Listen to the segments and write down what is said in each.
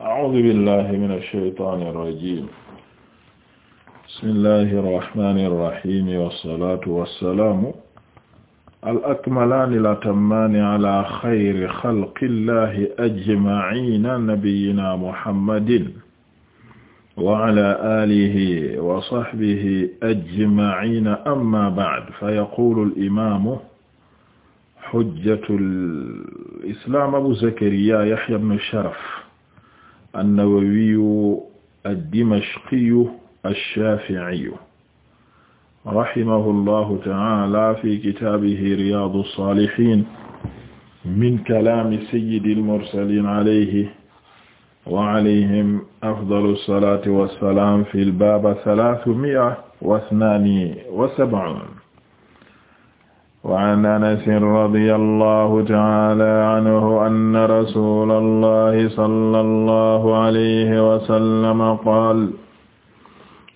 a'uuzu billaahi mina shaytaani rajiim bismillaahi rahmaani rahiim wassalaatu wassalaamu al-akmalaani al-atammaani alaa xayri xalqillaahi ajma'iina nabiyyinaa muhammadin wa alaa aalihi wa sahbihi ajma'iina ammaa ba'du fayaquulu al-imaamu hujjatul islaam abuu zakariyaa yahyaa ibnu sharaf annawawiyu addimashqiyu alshaaficiyu rahimahu llahu taala fi kitaabihi riyaadu saalihiin min kalaami sayyidi almursaliin alayhi wa alayhim afdalu salaati wa salaam fil baab salaasumi'a wa isnaani wa sabcuun waan anasin radiyallahu ta'ala anhu anna rasulallahi sallallahu alayhi wa sallam qaala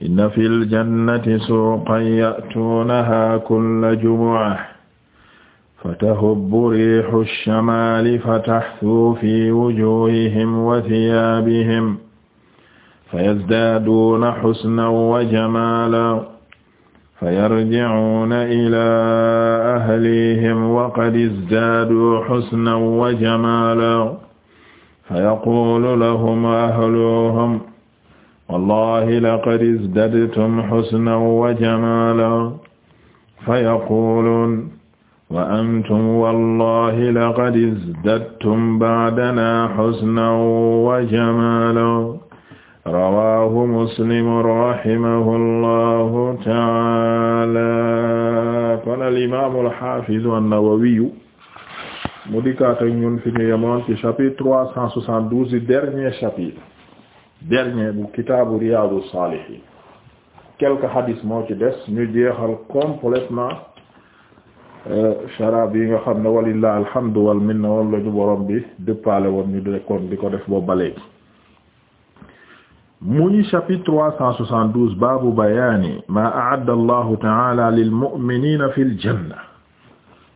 inna fil jannati suuqan ya'tuunahaa kulla jumu'atin fatahubbu riihu shamaali fatahthuu fii wujuuhihim wa thiyaabihim fayazdaaduuna husnan wa jamaalan fayarji'uuna ilaa أهليهم وقد ازدادوا حسنا وجمالا فيقول لهم أهلهم والله لقد ازددتم حسنا وجمالا فيقولون وأنتم والله لقد ازددتم بعدنا حسنا وجمالا rawaahu muslim rahimahullahu taala kon al imaamu al xaafizu mu dikkaat ak ñun fi ñu yemoon ci chapitre trois cent soixante-douze du dernier chapitre dernier bu kitaabu Riyâdous-Sâlihîne quelques hadith moo ci des ñu jeexal complètement euh, sharab yi nga xam ne walillahi alhamdu wal minna woon la ñu borom bi dëppaale woon ñu dekkoon di ko def boobu ba muy chapitre 372 baabu bayaani maa a'adda allahu ta'ala lil mu'miniina fil janna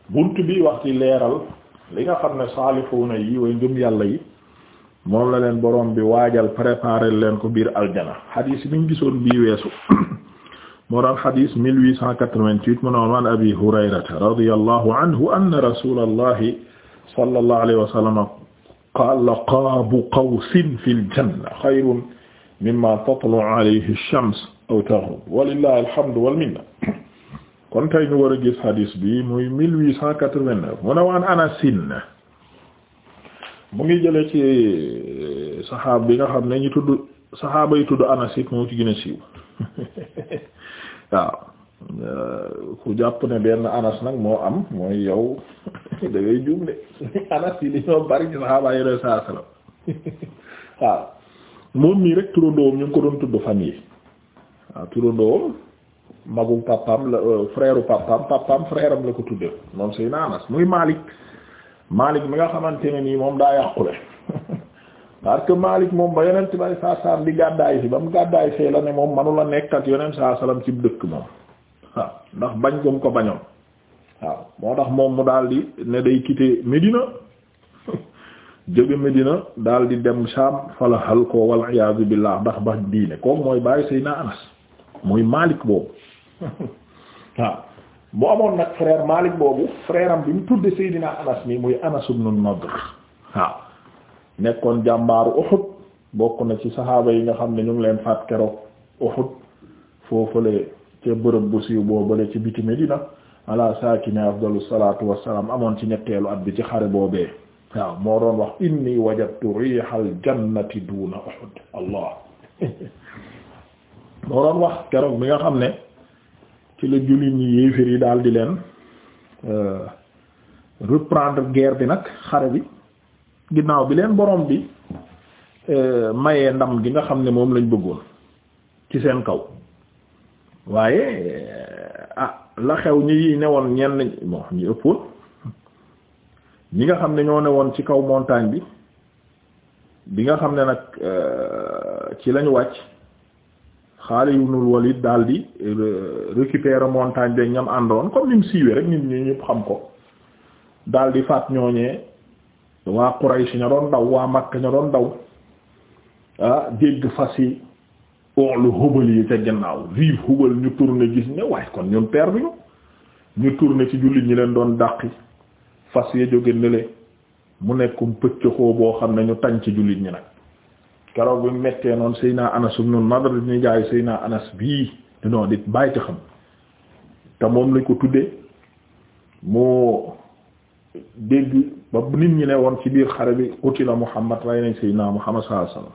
buntu bi wax ci leeral li nga xam ne saalihuuna yi way ngëm yàlla yi moom la leen borom bi waajal préparer leen ko biir aljana xadiis bi ñu gisoon bii weesu moo daan xadiis 1888 mu ne abi hurayrata radiyallahu anhu anna rasulallahi sallallahu alayhi wa sallam qaala qaabu qawsin fil mimma tatlu alayhi ash-shams aw taghrub walillahi alhamdu wal kon tey ñu war a gis hadis bi muy mille huit cent quatre-vingt-neuf waan Anas mu ngi jële ci euh, saxaab bi nga xam ne ñu tudd saxaaba yi tudd Anas it moo ci gën a siiw waaw euh, ku jàpp ne benn Anas nag moo am mooy yow da ngay juum Anas yi li ñoo bari ci saxaaba saa salaam waaw moom mii rek turandoom ñu ngi ko doon tudd fan yi waaw turandoom magu papam la euh, frère papam papam frère la ko tuddee moom say naanas muy Malik Malik mi nga xamante ne nii moom daa yàqule parce que Malik moom ba yonent bay saa saam di gàddaay si ba mu gàddaay see la ne moom manula nekk ak yonent saa dëkk moom ndax bañ ko mu ko bañoon waaw moo tax moom mu daal di ne day quitter Médina jóge Medina daal di dem Sham fala hal ko wal billaah ndax ba diine kooku mooy bàyyi Seydina Anas muy Malik boobu waaw mu amoon nag frère Malik boobu frère bi mu tudde Seydina Anas mi muy Anas Nadr waaw nekkoon jàmbaaru Uhud bokk na ci saxaaba yi nga xam ne ñu ngi leen faat keroog Uhud foofale ca bërëb bu siiw boobale ci biti Medina ala saakine afdalu salaatu wassalaam amoon ci ñetteelu at bi ci xare boobee waaw moo doon wax inni wajadtu rihal jannati duuna uhud allah moo doon wax keroog bi nga xam ne ci la jullit ñi yéefir yi daal di leen euh, reprendre guerre bi nag xare bi ginnaaw bi leen boroom bi euh, mayee ndam gi nga xam ne moom lañ bëggoon ci seen kaw waaye euh, ah la xew ñi newoon ñenn bon ñu ëppoon ñi nga xam ne ñoo ne woon ci kaw montagne bi bi nga xam ne nag euh, ci lañu wàcc Xaalid ibnul Walid daal di euh, récupérer montagne bi ñam àndoon comme ni siiwee rek nit ñi ñëpp xam ko daal di faat ñooñee waa Quraysh ña doon daw waa Makka ña doon daw ah fas yi lu hubal yi ca gannaaw vive hubal ñu tourné gis ne waaye kon ñun perdu ñu ñu tourné ci jullit ñi leen doon dàqi fas ya jóge nële mu nekkum pëccëxoo boo xam ne ñu tañ ci jullit ñi nag keroog bi mettee noonu Seydina Anas ibn Nadr ni jaay Seydina Anas bii non di bàyyi xam te moom lañ ko tuddee moo dégg ba nit ñi ne woon ci biir xare bi la mu qutila Muhammad rey nañ Seydina mu xam a wasallam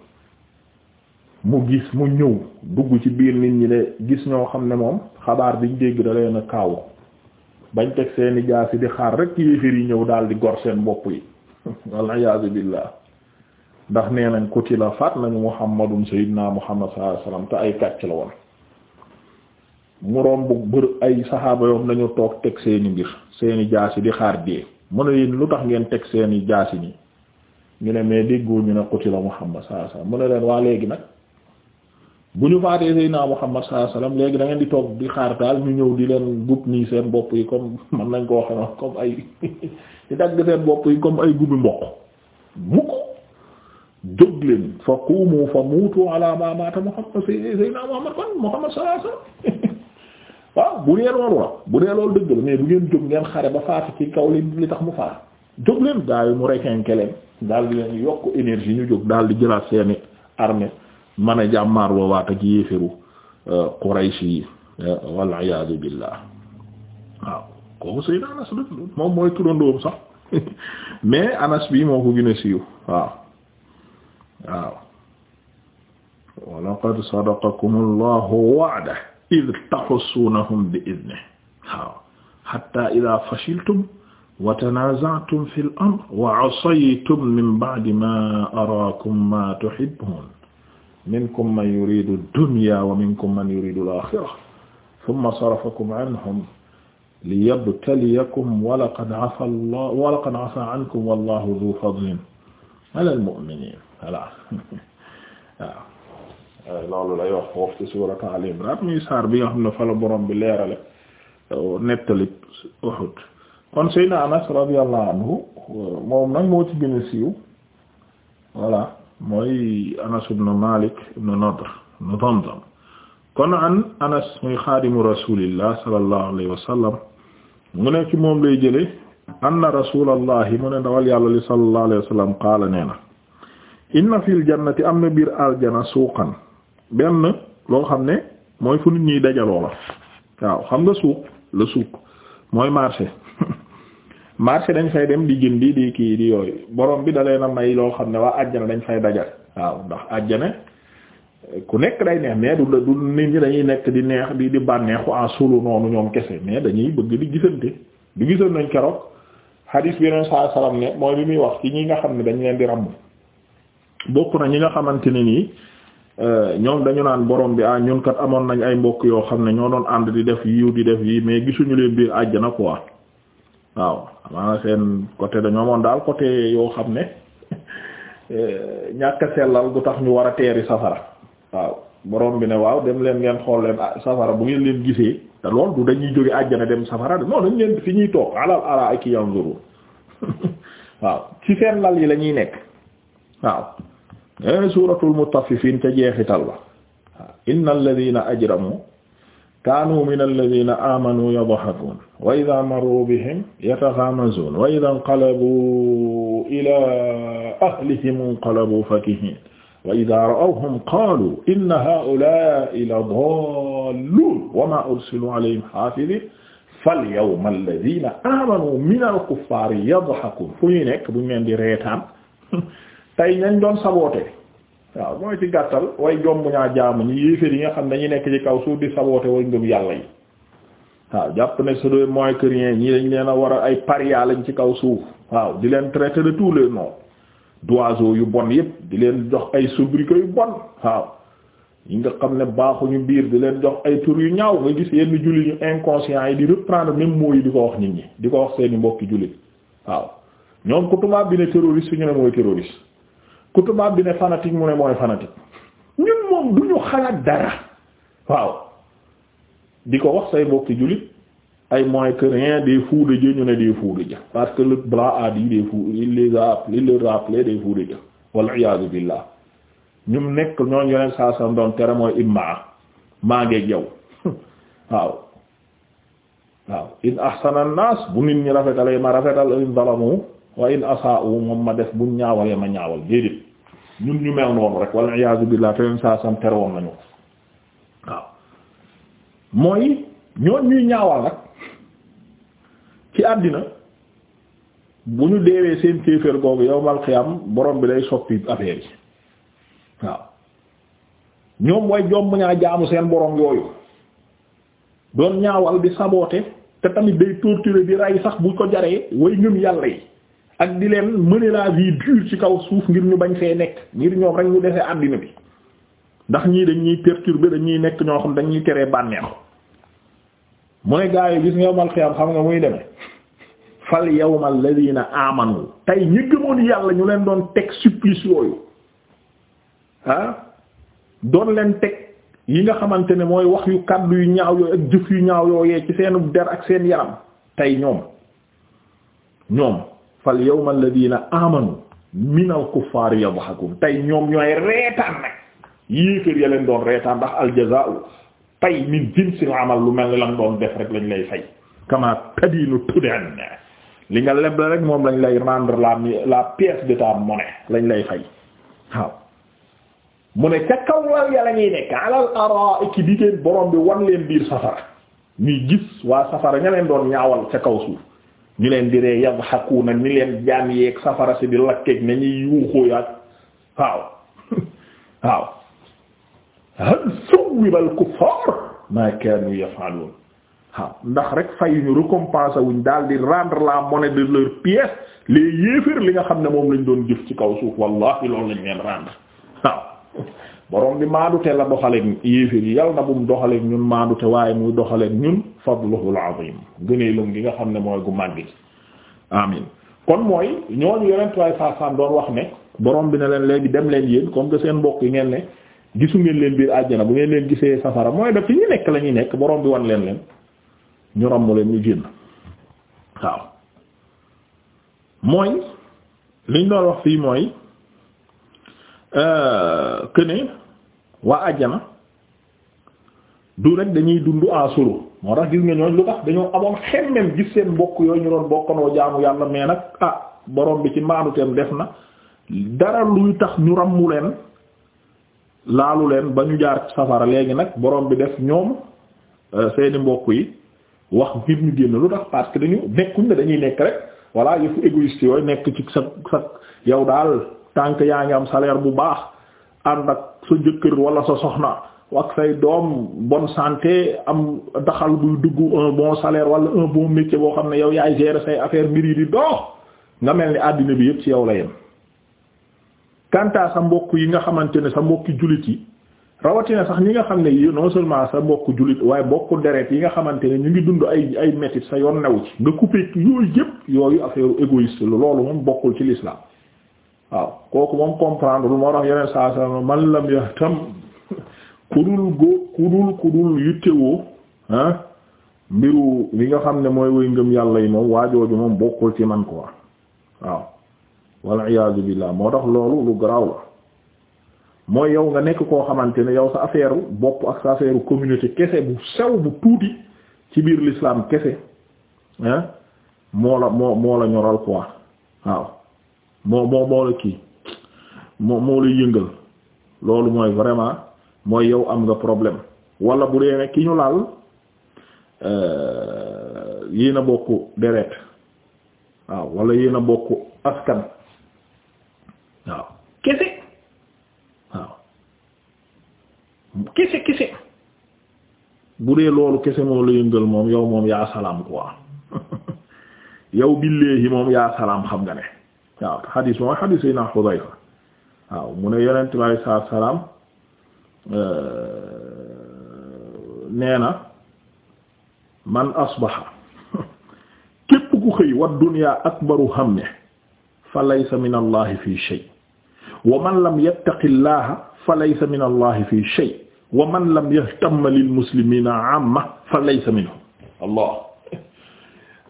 mu gis mu ñëw dugg ci biir nit ñi ne gis ñoo xam ne moom xabaar biñ dégg da leen a kaawu bañ teg seeni jaasi di xaar rek yéeféer yi ñëw daal di gor seen bopp yi walla iyaazu billaah ndax nee nañ kutila faat nañu muhammadun sayyidina muhammad sallallahu alayhi wasallam te ay kàcc la woon mu romb bër ay saxaaba yoon nañu toog teg seeni mbir seeni jaasi di xaar dee mën a yéen lu tax ngeen teg seeni jaasi nii ñu ne mais déggoo ñu ne kutila muhammad sallallahu alayhi wasallam mu ne leen waa léegi nag bu ñu faatee Seydina Muhammad sallallahu alayhi wasallam léegi da ngeen di toog di xaar daal ñu ñëw di leen gub nii seen bopp yi comme mën nañ koo xamal comme ay di dagg seen bopp yi comme ay gubi mboq mukk jóg leen fa qumu fa muutu ala ma mata Muhammad Seydina Muhammad kon Muhammad sallallahu alayhi wasallam waaw bu dee loolu la bu dee loolu dëgg la mais bu ngeen jóg ngeen xare ba faatu ci kaw li li tax mu faat jóg leen gaa yi mu rekenke leen daal di leen yokk énergie ñu jóg daal di jëlaat seeni armée mën a jàmmaar woowaat ak yéefiru euh, Quraysh yi euh, wal iyaadu billah waaw kooku Seydina Anas la moom mooy turandoom sax mais Anas bi moo ko gën a siiw waaw waaw wa laqad sadaqakumu allahu wa'dahu id tahussunahum bi idnihi waaw hatta idha fashiltum wa tanaza'tum fil amri wa 'asaytum min ba'di ma araakum ma tuhibbun minkum man yuridu dunya wa minkum man yuridu al-akhira thumma sarafakum anhum liyabtaliyakum wa laqad afa Allah wa laqad afa ankum wallahu dhu fadlin ala al-mu'minin voilà waaw euh, loolu lay wax wax ci suurat Al Imran muy saar bi nga xam ne fa la borom bi leerale euh, nettali Uhud kon Seydina Anas radiyallahu anhu euh, moom nag moo ci gën a siiw voilà mooy Anas ibn Malik ibn Nadr ibn Damdam kon an Anas muy xaadimu rasulillah sallallahu alayhi wa sallam mu ne ci moom lay jële anna rasulallahi mu ne ndawal yàlla li sallallahu alayhi wa sallam qaala nee na inna fil jannati am na biir aljana suuqan benn loo xam ne mooy fu nit ñiy dajaloo la xam nga suuq la suuq mooy marché marché dañ fay dem di jëndi di kii di yooyu borom bi dalee na may loo xam ne waa àjjana dañ fay dajal waaw ndax àjjana ku nekk day neex mais du du nit ñi dañuy nekk di neex di di bànneexu en solo noonu ñoom kese mais dañuy bëgg di gisante du gisoon nañ keroog hadis bi yeneen saa salaam ne mooy bi muy wax ci ñi nga xam ne dañ leen di ràmm bokk na ñi nga xamante ne nii euh, ñoom dañu naan borom bi ah ñun kat amoon nañ ay mbokk yoo xam ne ñoo doon ànd di def yiw di def yi mais gisuñu leen biir àjjana quoi. waaw maanaam seen côté dañoo amoon daal côté yoo xam ne eh, ñàkk a sellal gu tax ñu war a teeri safara waaw borom bi ne waaw dem leen ngeen xool leen ah, safara bu ngeen leen gisee te lool du dañuy jóge àjjana dem safara non dañ leen fi ñuy toog alal ala ak yanzuru waaw ci seen lal yi la ñuy nekk waaw eh, suuratul mutaffifin ca jeexital ba waaw innal ladina ajramu kaanu min alladina amanu yadhakun wa ida marru bihim yataghamazuun wa ida inqalabu ila ahlihim inqalabu fakihin wa ida ra'awhum qaalu inna haa'ulaa'i ladaalluun wa maa ursiluu alayhim haafiziin falyawma alladina amanu min alkuffaari yadhakuun fu ñuy nekk bu ñu leen di reetaan tey ñañ doon saboote waaw mooy ci gàttal way jomb ñaa jaamu ñi yéeféer yi nga xam dañuy nekk ci kaw suuf di saboote way mu yàlla yi waaw jàpp ne c'est des moins que rien ñii dañ leen a war a ay paria lañ ci kaw suuf waaw di leen traiter de tout les noms d'oiseaux yu bon yépp di leen jox ay sobriquets yu bon waaw yi nga xam ne ñu biir di leen jox ay tour yu ñaaw nga gis yenn julli ñu inconscient yi di reprendre même mots yi di ko wax nit ñi di ko wax seeni mbokki julli waaw ñoom bi ne terroriste fi ñu ne mooy ku tubaab bi ne fanatique mu ne mooy fanatique ñun moom du ñu xalaat dara waaw di ko wax say mbokki jullit ay moins que rien des fous ñu ne des fous de parce que le blanc a dit des fous il les a appelés wal iyaazu billah ñum nekk ñooñu yeneen saa sam doon tere mooy imma maa ngeeg yow waaw waaw in ahsana an bu nit ñi rafetalee ma rafetal in zalamu wa in asaa'u moom ma def buñ ñaawalee ma ñaawal déedéet ñun ñu mel noonu rek wal iyaazu billaah te leen saa sam tere woon nañu waaw mooy ñoon ñuy ñaawal nag ci àddina bu ñu deewee seen kéefër googu yowmal xiyaam borom bi day soppi affaire yi waaw ñoom way jomb ñaa jaamu seen borom yooyu doon ñaawal di saboote te tamit day torturer di rey sax bu ko jaree way ñun yàlla yi ak di leen mener la vie dure ci kaw suuf ngir ñu bañ fee nekk ngir ñoom rek ñu defee àddina bi ndax ñii dañuy perturber dañuy nekk ñoo xam dañuy teree bànneexu mu ne gaa yi gis nga yowmal xiyaam xam nga muy demee fal yawma alladina amanu tey ñi gëmoon yàlla ñu leen doon teg supplice yooyu ah doon leen teg yi nga xamante ne mooy wax yu kàddu yu ñaaw yooyu ak jëf yu ñaaw yooyee ci seenu der ak seen yaram tey ñoom ñoom fal yawma alladhina amanu minal kuffaari yadhakun tey ñoom ñooy reetaan nag yéeféer ya leen doon reetaan ndax aljazaa'u pay min jinsil amal lu mel ni lan doon def rek lañ lay fay kama tadinu tudan li nga leble rek moom lañ lay rendre la la pièce de ta monnaie lañ lay fay waaw mu ne ca kaw lal ya la nekk alal araa'iki digéen borom bi wan leen biir safara ñuy gis waa safara ña leen doon ñaawal ca kaw suuf ñu leen di ree na ñu leen jaam yeeg safara si di lakkeeg nañuy yuuxoo yaat waaw waaw hal suwibal kuffaar maa kaanu yaf'aluun waaw ndax rek fay ñu récompense wuñ daal di rendre la monnaie de leur pièce les yéeféer li nga xam ne moom lañ doon jëf ci kaw suuf wallahi loolu lañ leen rendre waaw borom bi maadute la doxaleeg yéefér yi yal na bu mu doxaleeg ñun maadute waaye muy doxaleeg ñun fadluhul azim gëneelam gi nga xam ne mooy gu màgg amin kon mooy ñooñu yonent waaye saasaan doon wax ne borom bi ne leen léegi dem leen yéen comme que seen mbokk yi ngeen ne gisu ngeen leen biir àjjana bu ngeen leen gisee safara mooy daf fi ñu nekk la nekk borom bi wan leen leen ñu romb leen ñu génn waaw mooy liñ doon wax fii mooy euh, que waa àjjana du rek dañuy dund en solo moo tax gis nga ñooñ lu tax dañoo amoon xemmem gis seen mbokk yooyu ñu doon bokkandoo jaamu yàlla mais nag ah borom bi ci maanuteem def na dara luy tax ñu ràmmu leen laalu leen ba ñu jaar safara léegi nag borom bi def ñoom euh, seeni mbokk yi wax ngir ñu génn lu tax parce que nekkuñ ne dañuy nekk rek voilà yëfu égoïste yooyu nekk ci sa sa yow daal tànk yaa ngi am salaire bu baax ànd ak sa jëkkër wala sa soxna ak say doom bonne santé am daxal buy dugg un bon salaire wala un bon métier boo xam ne yow yaay gérer say affaire mbir yi di dox nga mel ni àddina bi yëpp ci yow la yem kanta sa mbokk yi nga xamante ne sa mbokki jullit yi rawatina sax ñi nga xam ne yi non seulement sa mbokk jullit waaye mbokku deret yi nga xamante ne ñu ngi dund ay ay métit sa yoon new ci nga coupé yooyu yëpp yooyu affaire égoïste la loolu moom bokkul ci waaw kooku moom comprendre lu moo tax yeneen saa saa man lam yahtam kudul góo kudul kudul yittewoo ah mbiru li nga xam ne mooy woy ngëm yàlla yi moom waajooju moom bokkul ci man quoi waaw wal iyaazu billaah moo tax loolu lu garaaw la mooy yow nga nekk koo xamante ne yow sa affaire bopp ak sa affaire communauté kese bu sew bu tuuti ci biir lislaam kese ah moo la moo moo la ñoral quoi waaw moo moo moo la kii moo moo la yëngal loolu mooy vraiment mooy yow am nga problème wala bu dee ne ki ñu laal euh, yéen a bokk deret waaw wala yéen a bokk askan waaw kese kese bu dee loolu kese moo la yëngal moom yow moom yaa salaam quoi yow billaahi moom yaa salaam xam nga ne waaw xadiis mooy xadiis yi naa Xudayfa waaw mu ne yonent bi alayhi salaatu salaam euh, nee na man asbaha képp ku xëy wa dunya akbaru hammihi fa laysa min allahi fi shay wa man lam yattaqi llaha fa laysa min allahi fi shay wa man lam yahtamma lil muslimina amma fa laysa minhum allah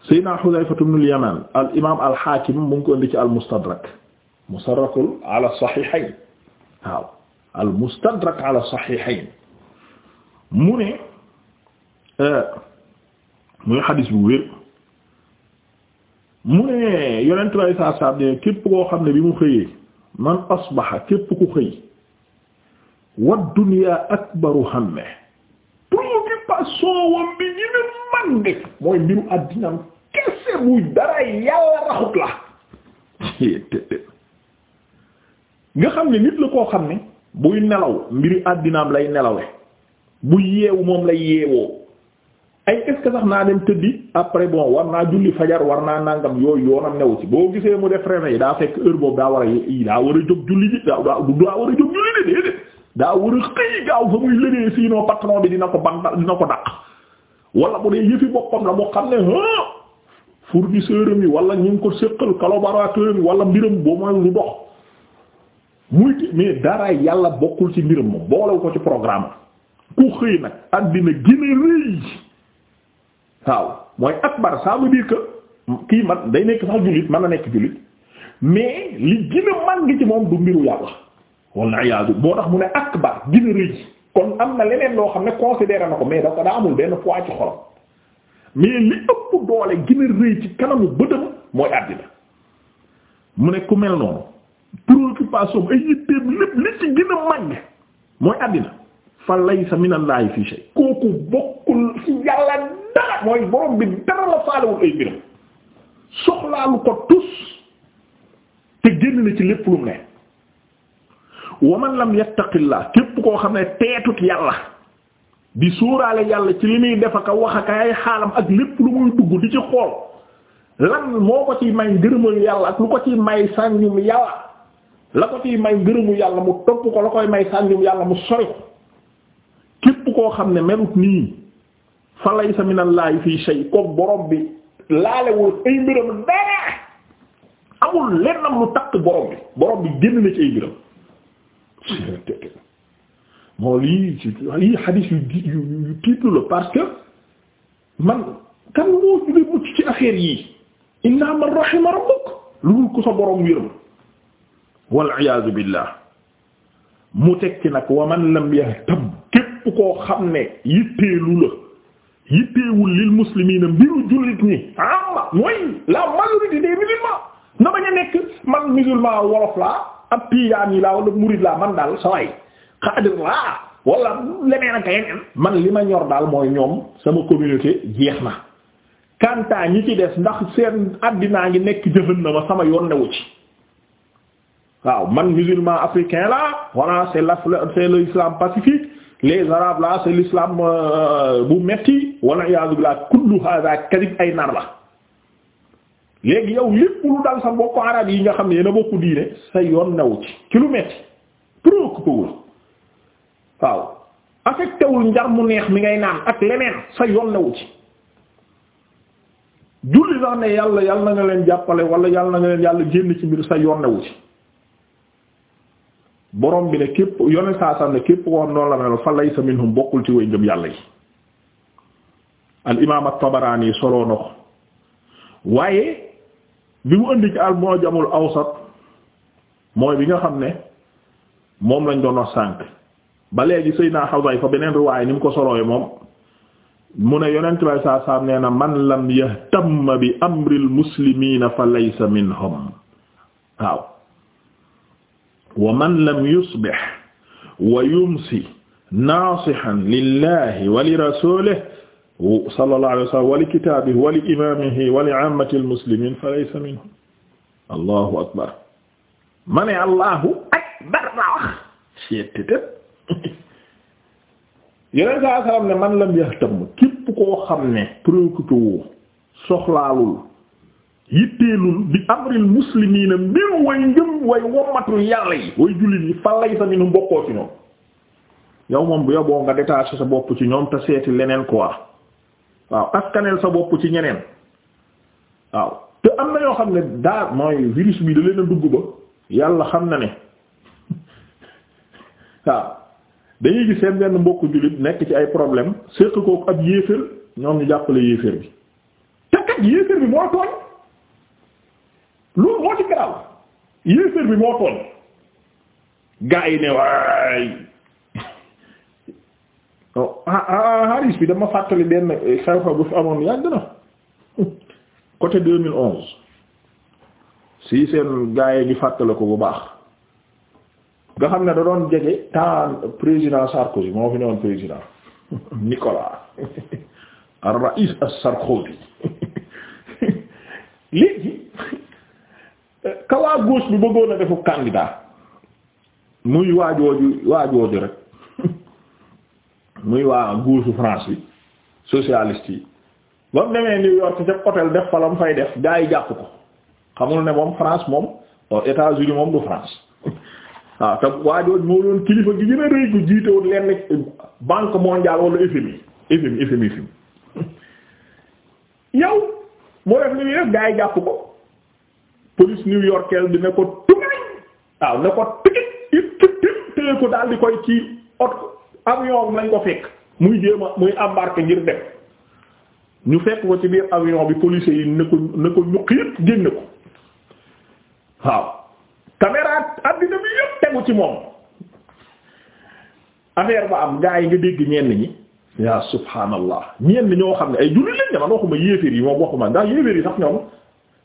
Seydina Hudayfatu ibnul Yamaan al imaam al Haakim mu ngi ko indi ci al Mustadrak Mustadrakul ala Sahihayn waaw al Mustadrak ala Sahihayn mu ne euh, muy xadis bu wér mu ne yonent bi saa saa ne képp koo xam ne bi mu xëyee man asbaha képp ku xëy wa dunya akbaru hamme préoccupation wam bi ñu ne màgg mooy mbiru àddinam dee bu dara yàlla raxut la nga xam ne nit la koo xam ne buy nelaw mbiri àddinaam lay nelawe bu yeewu moom lay yeewoo ay est-ce que sax naa dem tëddi après bon war naa julli fajar war naa nangam yooyu yoonam newu ci boo gisee mu def réveil daa fekk heure boobu daa war a yi daa war a jóg julli ji daa war a jóg julli ji daa war a xëy gaaw fa muy liggéey sinon patron bi dina ko bantal dina bu dee yëfi boppam la moo xam ne ah pour fournisseur am yi wala ñu ngi ko séqal collaborateur am yi wala mbiram boo mooy lu dox muy mais dara yàlla bokkul ci mbiram moom boolewu ko ci programme ku xëy nag àddina kii man day nekk sax jullit mën na nekk jullit mais li gën a màgg ci moom du mbiru yàlla walla iyaadu boo tax mu ne akbar gën a rëy kon am na leneen loo xam ne considéré na ko mais dafa daa amul benn poids ci xolam mais li ëpp doole gën a rëy ci kanamu bëtam mooy àddina mu ne ku mel noonu préoccupation ay yitteem lépp li ci gën a màgg mooy àddina fa laysa minallaahi fii shay kooku bokkul ci yàlla dara mooy borom bi dara la faalewul ay mbiram soxlaalu ko tus te génn na ci lépp lu mu ne wa man lam yattaqillah képp koo xam ne teetut yàlla di suuraale yàlla ci li muy def ak wax ak ay xaalam ak lépp lu muy dugg di ci xool lan moo ko ci may ngërëmal yàlla ak lu ko ci may sànjum yàlla la ko ciy may ngërëmu yàlla mu topp ko la koy may sànjum yàlla mu sori ko képp koo xam ne melut nii fa laysa minallaahi fii shay koog borom bi laalewul ay mbiram dara awul lennam lu takk borom bi borom bi génn na ci ay mbiram moo lii ci lii xadiis yu yu tiitlu la parce que man kan moo julee mucc ci affaire yii innaa man rahima rabbuk lu ko sa borom yërëm wal iyaazu billah mu tekki nag wa man lam yahtam képp koo xam ne yitteelu la yitteewul lil muslimiina mbiru jullit ñi amma mooy la majorité des musulmans na bañ a nekk man musulman wolof laa ab tiijaan yi laa wala murid laa man daal saway xaadirlaa ah, wala leneen ak yeneen man li ma ñor daal mooy ñoom sama communauté jeex na kantaa ñi ci des ndax seen addinaa ngi nekk jahannama sama yoon newu ci waaw man musulman africain là voilà c'est la c'est l'islam pacifique les arabes là c'est l'islam euh, bu metti wala iyaazu billah kullu hada kadib ay nar la léegi yow lépp lu dal sa mbokku arab yi nga xam ne yéen a bokku diine sa yoon newu ci ci lu metti préoccupé wu waaw affecté wul njar mu neex mi ngay naan ak leneen sa yoon newu ci julli sax ne yàlla yàlla na nga leen jàppale wala yàlla na nga leen yàlla génn ci mbir sa yoon newu ci borom bi ne képp yone saa sax képp ko noonu la mel fa laysa minhum bokkul ci way ngëm yàlla yi al imaam at-Tabarani soloo na ko waaye bi mu indi ci al Mu'jamul Awsat mooy bi nga xam ne moom lañ doon wax sànk ba léegi Seydina Hudayfa beneen riwaay ni mu ko soloowe moom mu ne yonent bay saa saam nee na man lam yahtam bi amril muslimiina fa laysa minhum waaw wa man lam yusbih wa yumsi naasihan lillahi wa li rasuulihi sallallahu alayhi wa sallam wa li kitaabihi wa li imaamihi wa li aammatil muslimiin fa laysa minhum allahu akbar ma ne allahu akbar na wax yeneen saa salaam ne man lam yahtam képp koo xam ne préoccupé woo soxlaalul yitteelul bi amril muslimiina mbir way ngëm way wommatul yàlla yi way jullit yi fan lay sa minum bokkoo ci ñoom yow moom bu yoboo nga détaché sa bopp ci ñoom te seeti leneen quoi waaw askaneel sa bopp ci ñeneen waaw te am na yoo xam ne daa mooy virus bi da leen dugg ba yàlla xam na ne waaw dañuy gis seen benn mbokku jullit nekk ci ay problème séq kook ak yéefér ñoom ñu jàppale yéefér bi te kat yéefér bi moo tooñ loolu moo gaa yi ne waay oh, ah, ah, haris bi dama fàttali benn xew-xew bu fi amoon yàgg na côté 2011 si seen gaa yi ngi fàttale ko bu baax nga xam ne da doon jege temps président Sarkozy moo fi newoon président Nicolas ar-Raïs as-Sarkozy léegi kawaa gauche bi bëggoon a defu candidat muy waajooju waajooju rek muy waa gauche France bi socialiste yi ba mu demee New York ca hôtel def fa fay def gaa yi jàpp ko xamul ne moom France moom États-Unis moom du France waaw ah, te waajooj moo doon kilifa gi gën a rëy gu jiite woon lenn banque mondiale wala FMI FMI FMI yow moo def ni muy gaa yi jàpp ko police New Yorkaise bi ne ko tugañ waaw ne ko tigit it tigit téye ko daal di koy ci ot avion lañ ko fekk muy jéema muy embarqué ngir dem ñu fekk ko ci biir avion bi police yi ne ko ne ko ñu xiit génne ko waaw caméra addina bi yëpp tegu ci moom affaire ba am gaa yi nga dégg ñenn ñi yaa subhaanallah ñenn ñoo xam ne ay jullit lañ ne man waxuma yéeféer yi moom waxuma ndax yéeféer yi sax ñoom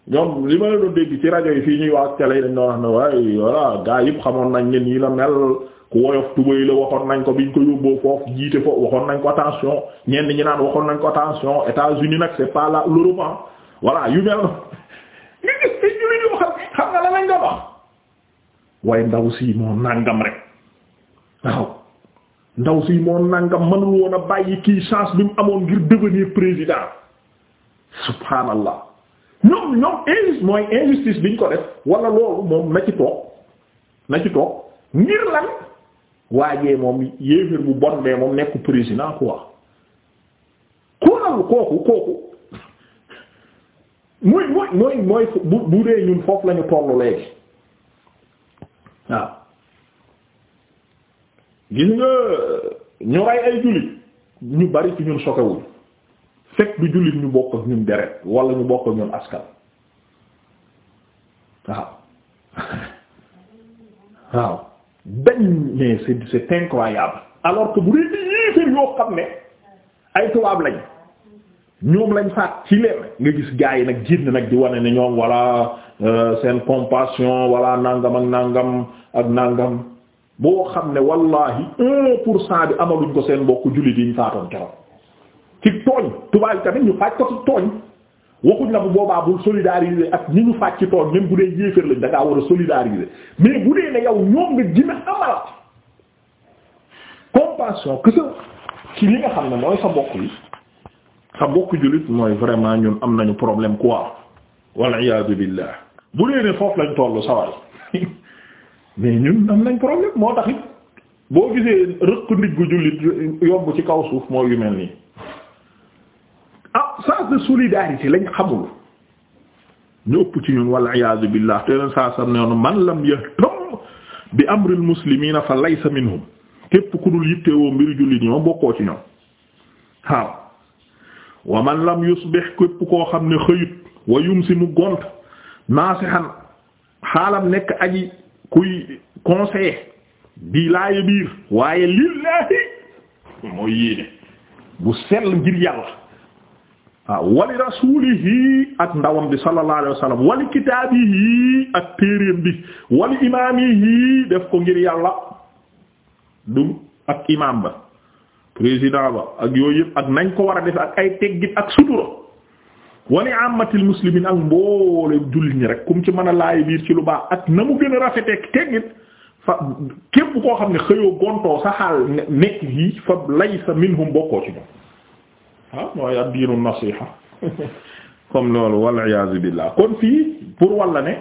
ñoom li ma la doon dégg ci rajo yi fii ñuy wax télé yi dañ doon wax xamoon nañ ne nii la mel ku woyof tubay la waxoon nañ ko biñ ko yóbboo foofu jiite foofu waxoon nañ ko attention ñenn ñi naan waxoon nañ ko attention États-Unis nag c'est pas la l'Europe voilà yu mel nga gis ci jullit waaye ndaw sii moo nàngam rek waaw ndaw sii moo nàngam mënul bàyyi kii chance bi mu amoon ngir devenir président subhaanallah ñoom ñoom injustice biñ ko def wala loolu moom na ci toog na ci toog ngir lan waajee moom yéeféer bu bon bee moom nekk président quoi ku lal kooku kooku mooy mooy mooy mooy bu bu dee ñun foofu lañu tollu léegi waaw gis nga ñu rey ay jullit ñu bari ci ñun sokewuñ fekk du jullit ñu bokk ak ñun deret wala ñu bokk ak ñun askan waaw waaw dañ mais c'est c'est incroyable alors que bu dee di yéeféer yoo xam ne ay tubaab lañ ñoom lañ faat ci leen nga gis gaa yi nag jiit na nag di wane ne ñoom walla euh, seen compassion walla nangam ak nangam ak nangam boo xam ne wallahi un pour cent bi amaluñ ko seen mbokk jullit yi ñu faatoon keroog ci tooñ tubaab yi tamit ñu faaj ko ci tooñ waxuñ la bu boobaa bul solidariser ak ñi ñu faaj ci tooñ même bu dee yéeféer lañ da war a solidariser mais bu dee ne yow ñoom nga gën a amalat compassion que ci li nga xam ne mooy sa mbokk yi sa bokk jullit mooy vraiment ñun am nañu problème quoi wal iyaadu billah bu dee ne foofu lañ tollu sawar mais ñun am nañ problème moo tax boo gisee rëq ndiggu jullit yomb ci kaw suuf mooy yu mel nii ah sens de solidarité lañ xamul ñu ëpp ci ñun wal iyaadu billah te leen saa sam noonu man lam yahtam bi amril muslimiina fa laysa minhum képp ku dul yittewoo mbiru jullit ñi ma bokkoo ci ñoom waaw wa man lam yusbih képp koo xam ne xëyut wa yumsi mu gont naasihan xaalam nekk aji kuy conseiller di laayi biir waaye lillaahi mooy yéene bu sell ngir yàlla ah, wali rasuulihi ak ndawam bi sallallahu alayhi wa sallam wali kitaabihi ak téereem bi wali imaamihi def ko ngir yàlla du ak imaam ba président ba ak yooyu yëpp ak nañ ko war a defe ak ay teggit ak sutura wale amatil muslimin ak mboole jullit ñi rek kum ci mën a laay biir ci lu baax ak na mu gën a rafetee teggit fa képp koo xam ne xëyoo gontoo sa xaal nekk yi fa lay sa minhum bokkoo ci ñoom ah mooy addiinu nasiha comme loolu wal iyaazu billah kon pour walla ne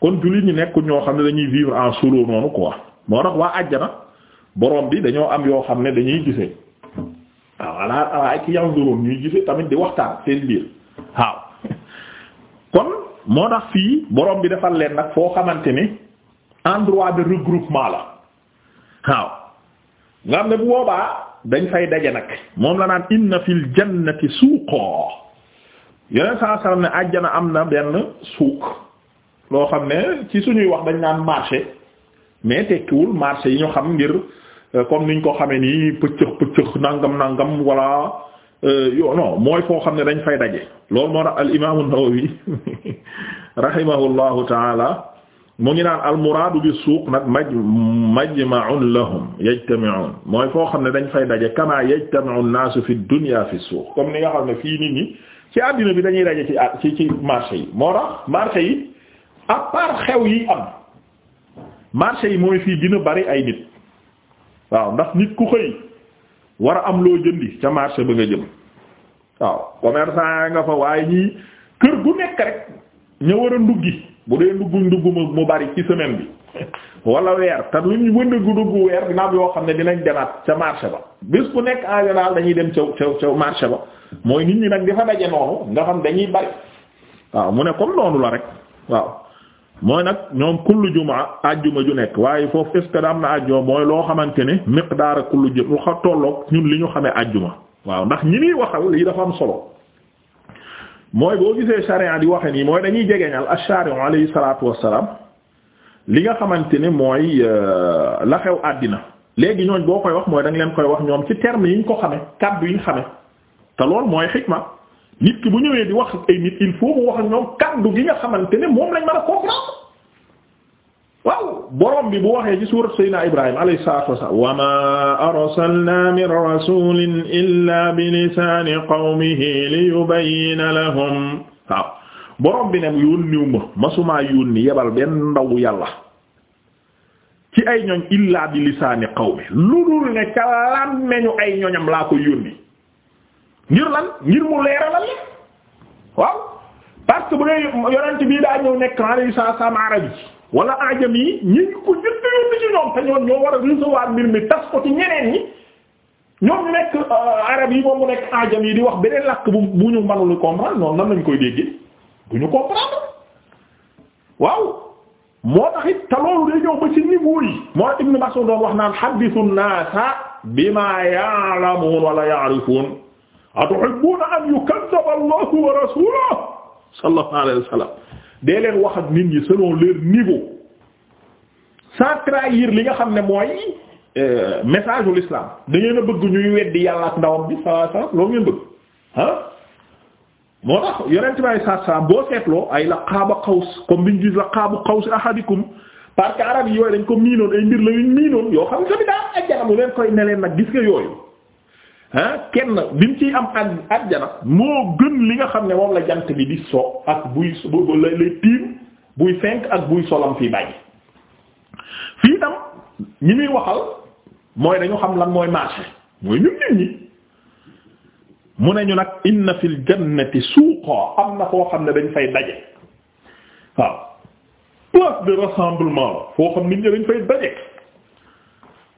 kon jullit ñi nekk ñoo xam ne dañuy vivre en solo noonu quoi moo tax waa àjjana borom bi dañoo am yoo xam ne dañuy gisee waaw alaa alaa ci yanzurun ñuy gise tamit di waxtaan seen biir waaw kon moo tax fii borom bi defal leen nag foo xamante ni endroit de regroupement la waaw nga xam ne bu boobaa dañ fay daje nag moom la naan fii fil jannati suuqoo yeneen saa saa ne àjjana am na benn suuq loo xam ne ci suñuy wax dañ naan marché mais tekkiwul marché yi ñu xam ngir Euh, comme ñu ko xamee nii pëccëx pëccëx nangam nangam wala euh, yo non mooy foo xam ne dañ fay daje loolu moo tax al imaamu Nawawi rahimahullahu taala mu ngi naan al muraadu bi suuq nag maj majma'un lahum mooy foo xam ne dañ fay daje kama yajtami'u an-naasu fi dunya fi suuq comme ni nga xam ne fii nit bi dañuy daje ci ci ci marché yi moo tax marché yi à part xew yi am marché yi mooy fii dina bari ay nit waaw ndax nit ku xëy war a am loo jëndi ca marché ba nga jëm waaw commerçant nga fa waaye ñii kër gu nekk rek ña war a nduggi bu dee ndugg ndugg mu bari ci semaine bi wala weer te lu ñu wëndëgu dugg weer dina am yoo xam ne dinañ demaat ca marché ba bis bu nekk en général dañuy dem ca ca ca marché ba mooy nit ñi nag dafa daje noonu nga xam dañuy bari waaw mu ne comme noonu la rek waaw mooy nag ñoom kullu jumaa ajjuma ju nekk waaye foofu am na ajjuma mooy loo xamante ne miqdaara kullu jumaa xa tolloog ñun li ñu xamee ajjuma waaw ndax ñi muy waxal lii dafa am solo mooy boo gisee sharia di waxe nii mooy dañuy jegeñal ash-shari'u alayhi salaatu wassalaam li nga xamante ne mooy euh, la xew àddina léegi ñooñ boo koy wax mooy dañ leen koy wax ñoom ci termes yi ñu ko xame kàddu yi ñu xame te lool mooy xikma nit ki bu ñëwee di wax ay nit il faut wax ñoom kàddu gi nga xamante moom lañ mën a comprendre waaw borom bi bu waxee ci suurat Seydina Ibrahima alayhi salaatu wa salaam wa maa arsalnaa min rasuulin illaa bi lisaani qawmihi li yubayyina lahum waaw borom bi ne yónniwu ma masumaa yónni yebal benn ndaw yàlla ci ay ñoñ illaa bi lisaani qawmi lu dul ne ca làmmeñu ay ñoñam laa ko yónni ngir lan ngir mu leeralal waaw parce que bu dee yonent bii daa ñëw nekk alayhi salaam arabi wala ajam yi ñi ngi ko jënd yónni ci ñoom te ñoom ñoo war a recevoir mbir mi tas ko ci ñeneen ñi ñoom ñu nekk euh, arab yi moom mu nekk ajam yi di wax beneen làkk bu bu ñu mënul comprendre noonu nan lañ koy déggee du ñu comprendre waaw moo tax it te loolu day ñëw ba ci niveau yi moo Ibn Mas'ud doon wax naan hadithu an-naasa bima ya'lamuun wala ya'rifuun atuhibbuuna an yukazzaba Allahu wa rasuuluhu sallallahu alayhi wa sallam dee leen wax ak nit ñi selon leur niveau sans trahir li nga xam ne mooy euh, message wu l'islam da ngeen a bëgg ñuy weddi yàlla ak ndawam bi saa saa loolu ngeen bëgg ah. moo tax yonent bi ay saa saa boo seetloo ay la qaaba qaws comme bi ñu gis la qaabu qaws ahadikum parce que arab yi yooyu dañ ko miinoon ay mbir la yu miinoon yoo xam ne tamit daa ajjana leen koy ne nag gis nga yooyu. kenn bi mu ciy am àjjana moo gën li nga xam ne moom la jant bi di so ak buy lay tiim buy fenk ak buy solam fi bàyyi fii tam ñi muy waxal mooy dañu xam lan mooy marché mooy ñun nit ñi mu ne ñu nag inna fil jannati suuqa am na foo xam ne dañ fay daje waaw place de rassemblement foo xam nit ñi dañ fay daje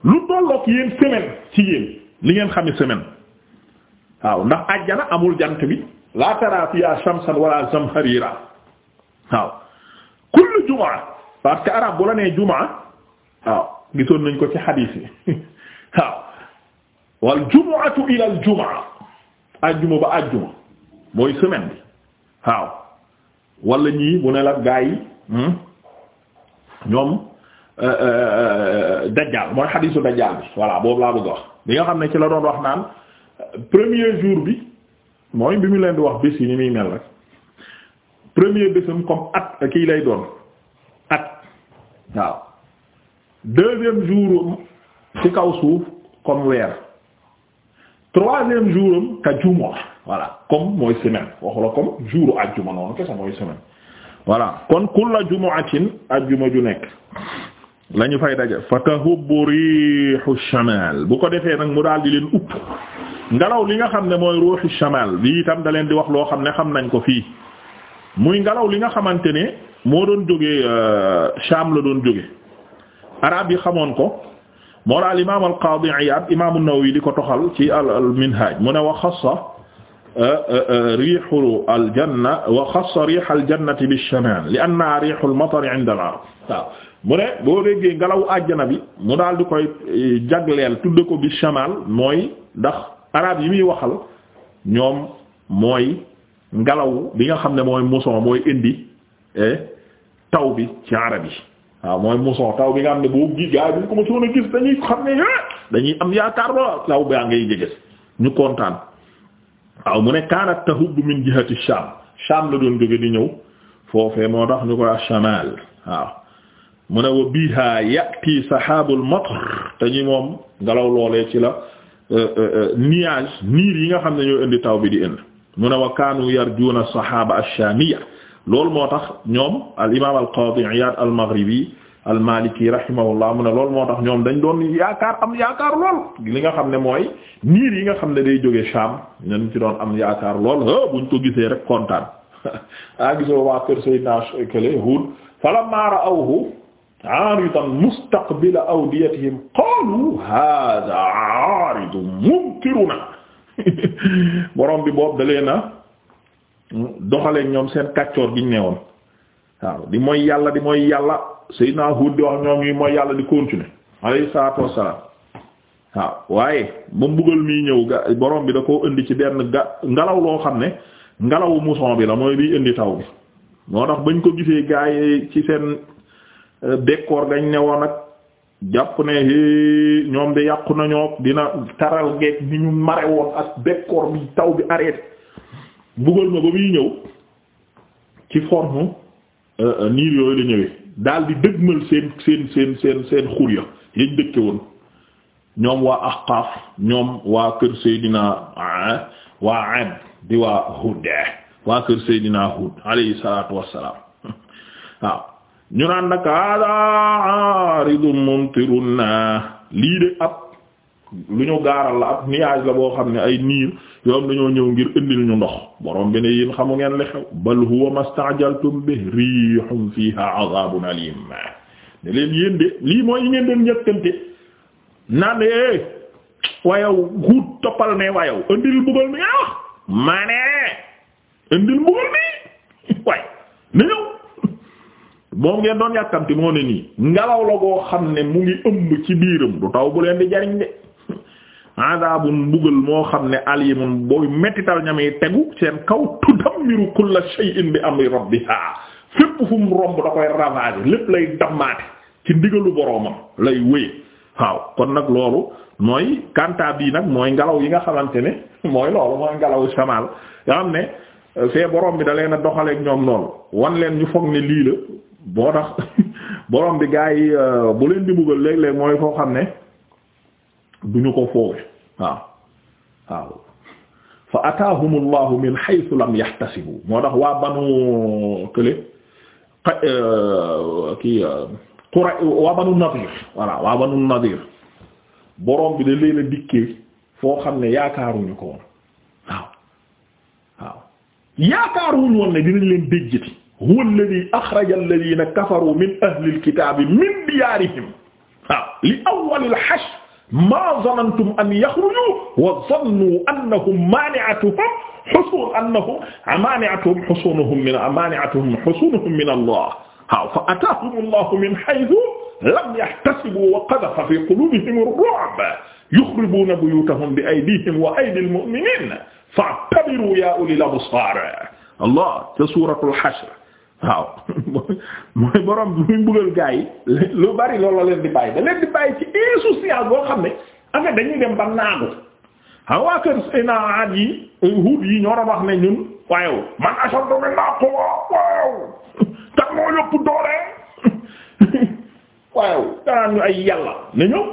lu tollook yéen semaine ci yéen li ngeen xami semaine waaw ndax àjjana amul janq bi la tara fiha shamsan wala zamharira waaw kullu jumaa parce que bu la nee jumaa waaw gisoon nañ ko ci xadiis yi waaw wal bi waaw wala ñii bu ne la gaa yi hmm? ñoom euh, euh, euh, dajjaal mooy xadiisu dajjaal bi voilà boobu laa bëgg wax bi nga xam ne ci la doon wax naan premier jour bi mooy bi mu leen di wax bés yi ni muy mel rek premier bésam comme at kii lay doon at waaw deuxième jour ci kaw suuf comme weer troisième jour ka juma voilà comme mooy semaine waxu la comme jour ajjuma noonu kese mooy semaine voilà kon kulla jumu'atin ajjuma ju nekk lañu fay daje fa tahubbu rihu shamal bu ko defee nag mu daal di leen upp ngelaw li nga xam ne mooy ruuxu shamal bi itam da leen di wax loo xam ne xam nañ ko fii muy ngelaw li nga xamante ne moo doon jógee euh, Sham la doon jóge arab yi xamoon ko moo daal imaam al-Qaadi Iyaad imaam an yi di ko toxal ci al al minhaj mu ne wa xassa riixu aljanna wa xassa riix aljannati bishanaan li annahaa riixul mu ne boo déggee ngelaw àjjana bi mu daal di koy e, jagleel tudde ko bi shamaal mooy ndax arab yi muy waxal ñoom mooy ngelaw bi nga xam ne mooy mousson mooy indi e, taw bi ci arab yi mooy mousson taw bi nga xam ne boo gi gars yi bu ñu ko mosoon a gis dañuy xam ne eh, dañuy am yaakaar ba taw baa ngay jeges ñu kontaan. waaw mu ne kaanat tahub min jihati Sham Sham la doon jóge di ñëw foofee moo tax ñu koy ash-shamal waaw mu ne wa biha yati sahabul matar te ñi moom ngelaw loolee ci la euh, euh, euh, nuage niir yi nga xam ne ñoo indi taw bi di indi mu ne wa kaanu yarjuuna sahaba ash-shamiyya loolu moo tax ñoom al imam al qadi Iyad al-Maliki rahimahullah mu ne lool moo tax ñoom dañ doon yaakaar am yaakaar lool li nga xam ne mooy niir yi nga xam ne day jóge Sham ñu ci doon am yaakaar lool ah buñ ko gisee rek kontaan ah gisoo waa kër Seydina Kële Hud falammaa ra'awhu aaridan mustaqbila awdiyatihim qaalu haadha aaridun mumtirunaa borom bi boobu dalee na doxalee ñoom seen kàccoor gi ñu ne woon waaw di mooy yàlla di mooy yàlla. naa Hud di wax ñoom yi mooy yàlla di continuer alayhi salaatu wassalaam waaw waaye ba mbugal mi ñëw ga borom bi da koo indi ci benn ga ngelaw loo xam ne ngelawu mousson bi la mooy biy indi taw bi moo tax bañ ko gisee gaa yi ci seen euh, bekkoor gañ ne woon nag jàpp ne hé ñoom de yàqu nañoo dina taral geeg ni ñu mare woon ak bekkoor bi taw bi arrêté mbugal ma ba muy ñëw ci forme euh, euh, niir yooyu ñëwee daal di dëgmal seen seen seen seen seen xur ya ñoom waa Ahqaaf ñoom waa kër Seydina ah, waa Aad waa kër Seydina Hud alayhi salaatu wassalaam waaw ñu naan nag hada aaridum lii de ab lu ñu gaaral la ab nuage la boo xam ne ay niir yoom dañoo ñëw ngir indil ñu ndox borom bi ne yéen xamu ngeen li xew bal huwa mastajaltum bi rihum fiha azabun alim ne leen yéen de lii mooy yi ngeen doon njëkkante naan eh, e ñëw ah! moom ngeen doon yàkkamti moo ne nii ngelaw la boo xam ne mu ngi ëmb ci biiram du taw bu leen di jariñ de adabun mbugal moo xam ne alimun booy mettital ñamey tegu seen kaw tudammiru kulla shay'in bi amri rabbiha fépp fu mu romb da koy ravager lépp lay dammaate ci ndigalu boroomam lay wéye waaw kon nag loolu mooy kanta bii nag mooy ngelaw yi nga xalante ne mooy loolu mooy ngelaw samal nga xam ne euh, fee borom bi da leen a doxaleeg ñoom noonu wan leen ñu foog ne lii la boo tax borom bi gaa yi euh, bu leen di mbugal léeg-léeg mooy foo xam ne duñu ko foowe waaw waaw fa ataahum allahu min haythu lam yahtasibu moo tax waa banu kële euh, kii euh, qura waa banu nadir voilà waa banu nadir borom bi da leen a dikkee foo xam ne yaakaaruñu ko woon waaw waaw yaakaaruñu woon ne dinañ leen déjjati huwa alladhi akhraja alladhina kafaru min ahli alkitabi min diyaarihim waaw li awwal alhashr maa zanantum an yaxruju wa zannu annahum maani'atuhum xusuun annahum maani'atuhum xusuunuhum min maani'atuhum xusuunuhum min Allah waaw fa ataahum Allahu min haythu lam yahtasibuu wa qadhafa fii quluubihim ar-ru'b yuxribuuna buyuutahum bi aydiihim wa aydi al-mu'miniina fa'tabiruu yaa ulil absaar Allah ca suuratul Hashr waaw mooy borom bi muy mbugal gaa yi lu bari loolu la leen di bàyyi da leen di bàyyi ci insouciance boo xam ne en fait dañuy dem ba naagu xam waa kër Sénégal yi huut yi ñoo doon wax ne ñun waaye wu man ashadu minna quwwa waaw kan moo yëpp doole waaw danaa ñu ay yàlla ne ñëw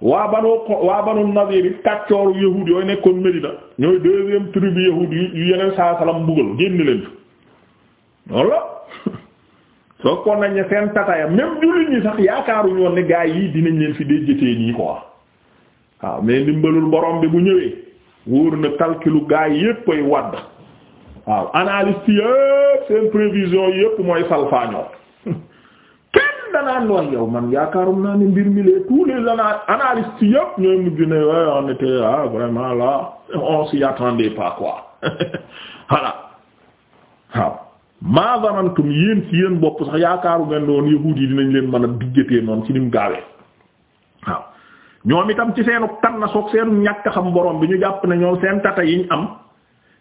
waa banu waa banu Nadir yi kàccooru yahuud yooyu nekkoon Medina ñooy deuxième tribu yahuud yu yeneen saa salaam mbugal génn leen loolu la soogoon nañ ne seen tataya même jullit ñi sax yaakaaruñu woon ne gaa yi dinañ leen fi déjjatee nii quoi waaw mais ndimbalul borom bi bu ñëwee wóor na calculu gaa yi yépp ay wadd waaw analyste yépp seen prévision yépp mooy salfaañoo kenn danaan wax yow man yaakaarum naa ne mbir mi lee tous les ana yépp ñooy mujj ne waaye on était ah vraiment là on s'y attendait pas quoi voilà. maa zamantum yéen ci yéen bopp sax yaakaaru menn doon yahuud yi dinañ leen mën a dijjatee noonu ci ni mu gaawee waaw ñoom itam ci seenu tan na soog seenu ñàkk xam borom bi ñu jàpp ne ñoom seen tata yi ñu am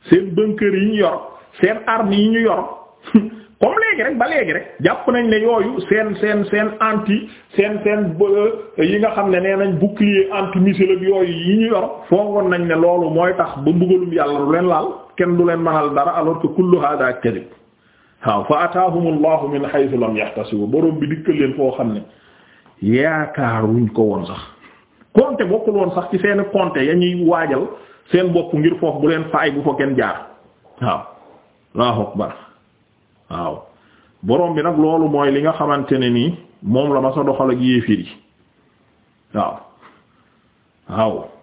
yi yor seen armes yi ñu yor comme léegi rek ba léegi rek jàpp nañ ne yooyu seen seen seen anti seen seen euh, yi nga xam ne nee nañ bouclier anti missile ak yooyu yi ñu yor foogoon nañ ne loolu mooy tax ba mbugalum yàlla du leen laal kenn du leen mënal dara alors que kullu waaw fa ataahum allahu min haythu lam yahtasibu borom bi dikkal leen foo xam ne yaakaar wuñ ko woon sax compte bokkul woon sax ci seen compte ya ñuy waajal seen bopp ngir foofu bu leen faay bu fa kenn jaar waaw allahu akbar waaw borom bi nag loolu mooy li nga xamante ne nii moom la ma sa doxal ak yéefir yi waaw waaw